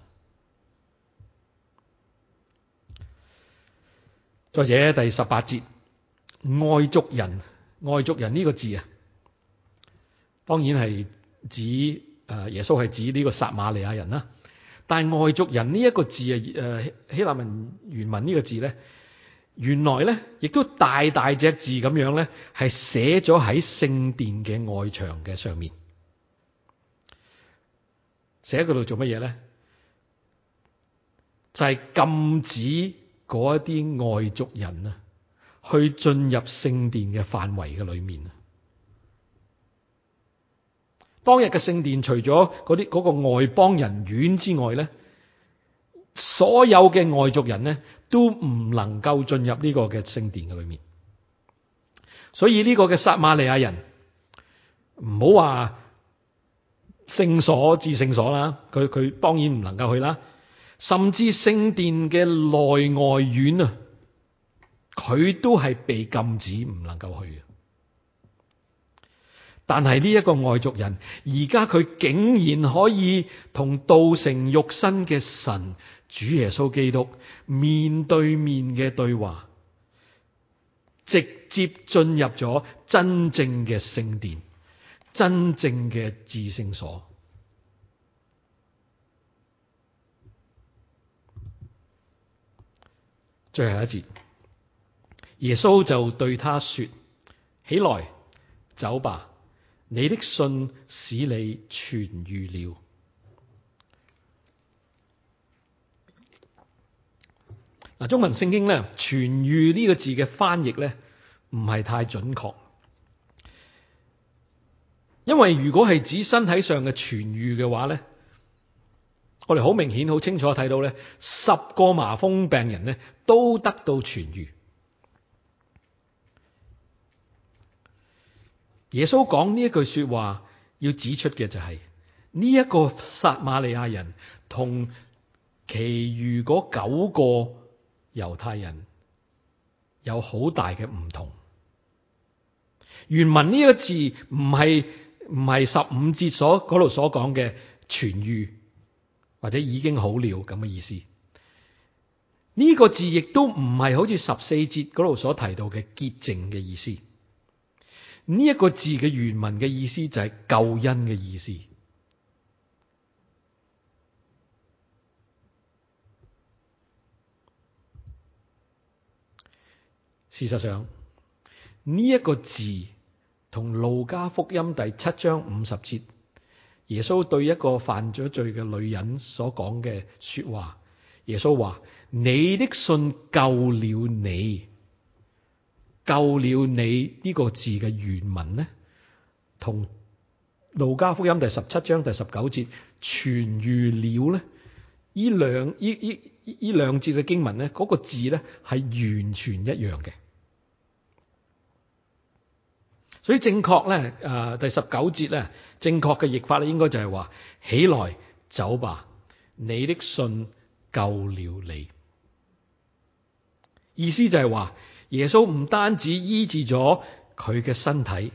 再者，第十八節，外族人，外族人呢個字啊，當然係指誒耶穌係指呢個撒瑪利亞人啦。但係外族人呢一個字啊，誒希臘文原文呢個字咧。原來咧，亦都大大隻字咁樣咧，係寫咗喺聖殿嘅外牆嘅上面。寫喺嗰度做乜嘢咧？就係、是、禁止嗰一啲外族人啊，去進入聖殿嘅範圍嘅裏面啊。當日嘅聖殿除，除咗嗰啲嗰個外邦人院之外咧。所有嘅外族人咧，都唔能夠進入呢個嘅聖殿嘅裏面。所以呢個嘅撒瑪利亞人，唔好話聖所至聖所啦，佢佢當然唔能夠去啦。甚至聖殿嘅內外院啊，佢都係被禁止唔能夠去嘅。但係呢一個外族人，而家佢竟然可以同道成肉身嘅神，主耶穌基督面對面嘅對話，直接進入咗真正嘅聖殿、真正嘅至聖所。最後一節，耶穌就對他說：起來，走吧。你的信使你痊愈了。嗱，中文聖經咧，痊愈呢個字嘅翻譯咧，唔係太準確。因為如果係指身體上嘅痊愈嘅話咧，我哋好明顯、好清楚睇到咧，十個麻風病人咧都得到痊愈。耶穌講呢一句說話，要指出嘅就係呢一個撒瑪利亞人同其餘嗰九個猶太人有好大嘅唔同。原文呢一個字唔係唔係十五節所嗰度所講嘅痊愈，或者已經好了咁嘅意思。呢個字亦都唔係好似十四節嗰度所提到嘅潔淨嘅意思。呢一個字嘅原文嘅意思就係救恩嘅意思。事實上，呢一個字同路加福音第七章五十節，耶穌對一個犯咗罪嘅女人所講嘅說話，耶穌話：你的信救了你。救了你呢個字嘅原文咧，同路加福音第十七章第十九節痊愈了咧，呢兩呢呢呢兩節嘅經文咧，嗰、那個字咧係完全一樣嘅。所以正確咧，誒、呃，第十九節咧，正確嘅譯法咧，應該就係話：起來走吧，你的信救了你。意思就係話。耶穌唔單止醫治咗佢嘅身體，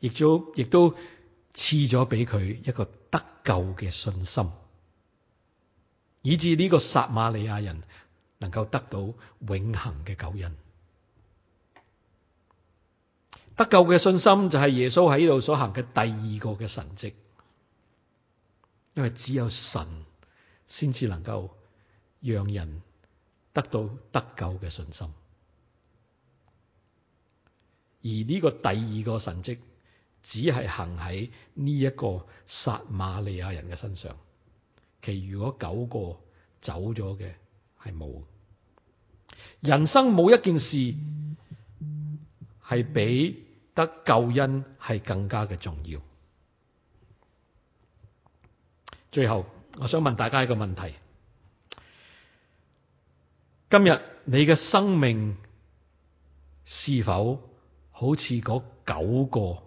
亦都亦都賜咗俾佢一個得救嘅信心，以至呢個撒瑪利亞人能夠得到永恆嘅救恩。得救嘅信心就係耶穌喺度所行嘅第二個嘅神跡，因為只有神先至能夠讓人得到得救嘅信心。而呢個第二個神蹟，只係行喺呢一個撒瑪利亞人嘅身上。其餘嗰九個走咗嘅，係冇。人生冇一件事係比得救恩係更加嘅重要。最後，我想問大家一個問題：今日你嘅生命是否？好似嗰九個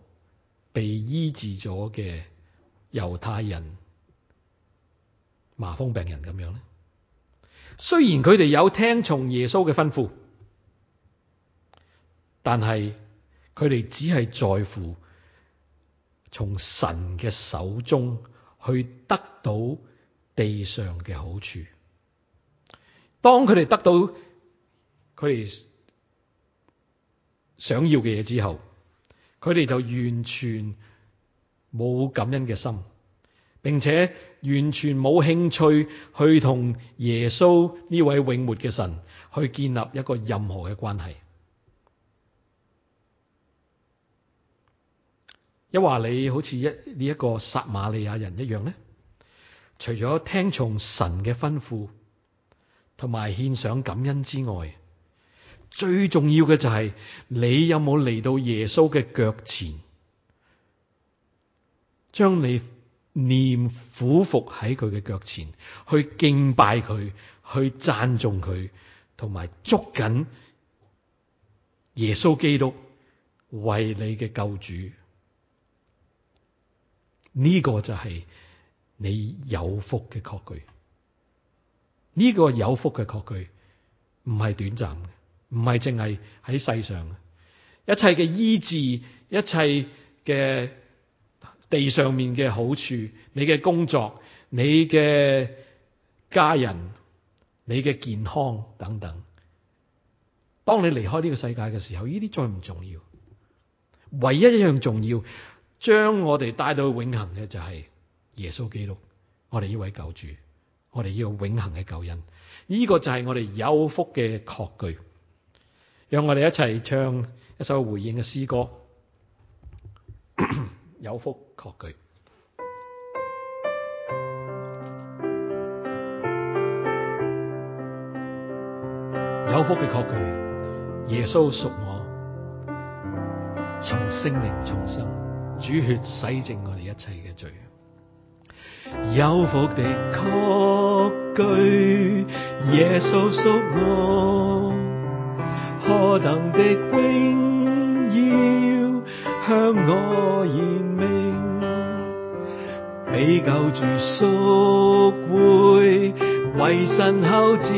被醫治咗嘅猶太人麻風病人咁樣咧，雖然佢哋有聽從耶穌嘅吩咐，但係佢哋只係在乎從神嘅手中去得到地上嘅好處。當佢哋得到，佢哋想要嘅嘢之後，佢哋就完全冇感恩嘅心，並且完全冇興趣去同耶穌呢位永活嘅神去建立一個任何嘅關係。一話你好似一呢一個撒瑪利亞人一樣咧，除咗聽從神嘅吩咐同埋獻上感恩之外。最重要嘅就係你有冇嚟到耶穌嘅腳前，將你念苦服喺佢嘅腳前，去敬拜佢，去讚頌佢，同埋捉緊耶穌基督為你嘅救主。呢個就係你有福嘅確據。呢個有福嘅確據唔係短暫嘅。唔係淨係喺世上嘅一切嘅醫治，一切嘅地上面嘅好處，你嘅工作、你嘅家人、你嘅健康等等。當你離開呢個世界嘅時候，呢啲再唔重要。唯一一樣重要，將我哋帶到永恆嘅就係耶穌基督，我哋呢位救主，我哋呢個永恆嘅救恩。呢個就係我哋有福嘅確據。讓我哋一齊唱一首回應嘅詩歌，咳咳，有福確據，有福嘅確據，耶穌屬我，從聖靈重生，主血洗淨我哋一切嘅罪，有福嘅確據，耶穌屬我。何等的榮耀向我言明，俾救主贖回為神後至，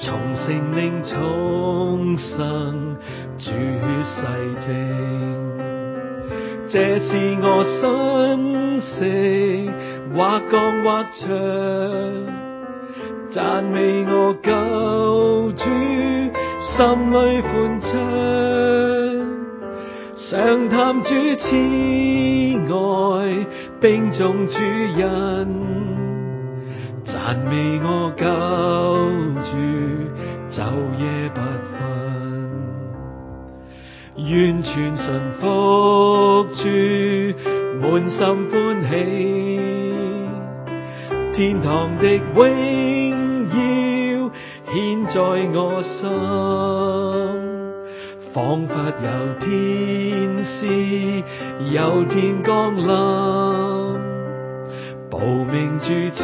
從聖靈重生，主血洗淨，這是我身世，或降或唱。讚美我救主，心裏歡暢。常探主慈愛，並重主人。讚美我救主，晝夜不分，願全神服主，滿心歡喜。天堂的永。天在我心，仿佛有天使，有天降臨。報明住慈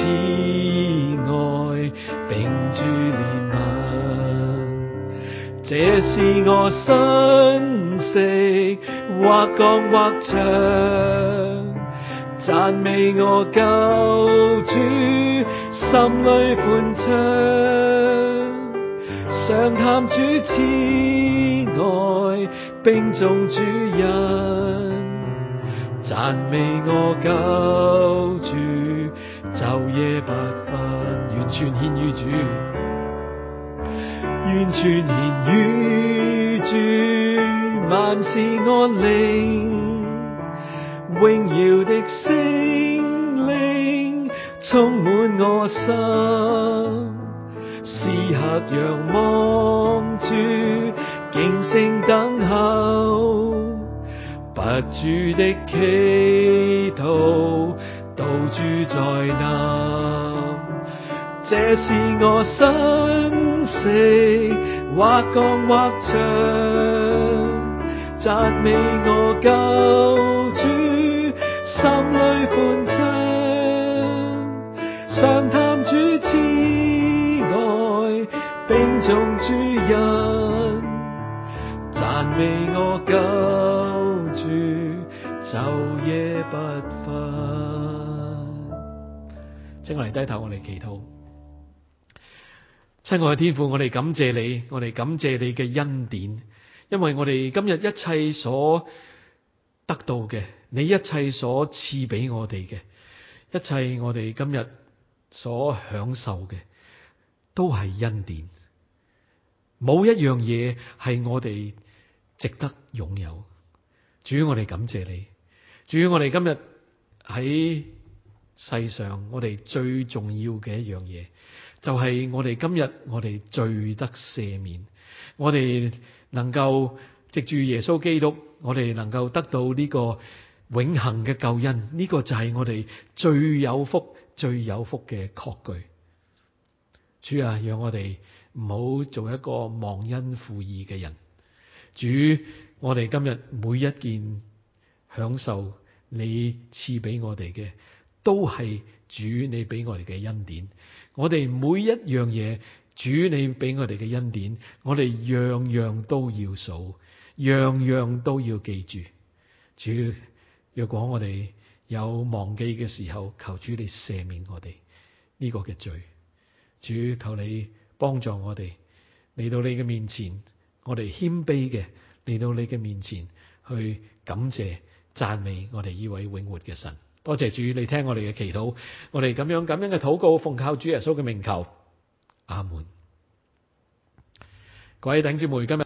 愛，並住憐憫。這是我信息，或講或唱，讚美我救主，心裏歡暢。常探主慈愛，並重主人，讚美我救主，晝夜白晝，完全獻於主，完全獻於主，萬事安寧，榮耀的聖靈充滿我心。是客仰望住，靜聲等候，不住的祈禱，道主在那。這是我心聲，或講或唱，讚美我救主，心裏歡暢，上天。病重諸人，暫未我救主，晝夜不分。請我哋低頭，我哋祈禱。親愛嘅天父，我哋感謝你，我哋感謝你嘅恩典，因為我哋今日一切所得到嘅，你一切所賜俾我哋嘅，一切我哋今日所享受嘅，都係恩典。冇一樣嘢係我哋值得擁有，主，我哋感謝你，主，我哋今日喺世上，我哋最重要嘅一樣嘢，就係、是、我哋今日我哋罪得赦免，我哋能夠藉住耶穌基督，我哋能夠得到呢個永恆嘅救恩，呢、這個就係我哋最有福、最有福嘅確據，主啊，讓我哋。唔好做一個忘恩負義嘅人，主，我哋今日每一件享受你賜俾我哋嘅，都係主你俾我哋嘅恩典。我哋每一樣嘢，主你俾我哋嘅恩典，我哋樣樣都要數，樣樣都要記住。主，若果我哋有忘記嘅時候，求主你赦免我哋呢個嘅罪。主，求你。幫助我哋嚟到你嘅面前，我哋謙卑嘅嚟到你嘅面前去感謝讚美我哋呢位永活嘅神，多謝主你聽我哋嘅祈禱，我哋咁樣咁樣嘅禱告，奉靠主耶穌嘅名求，阿門。各位弟兄姊妹，今日。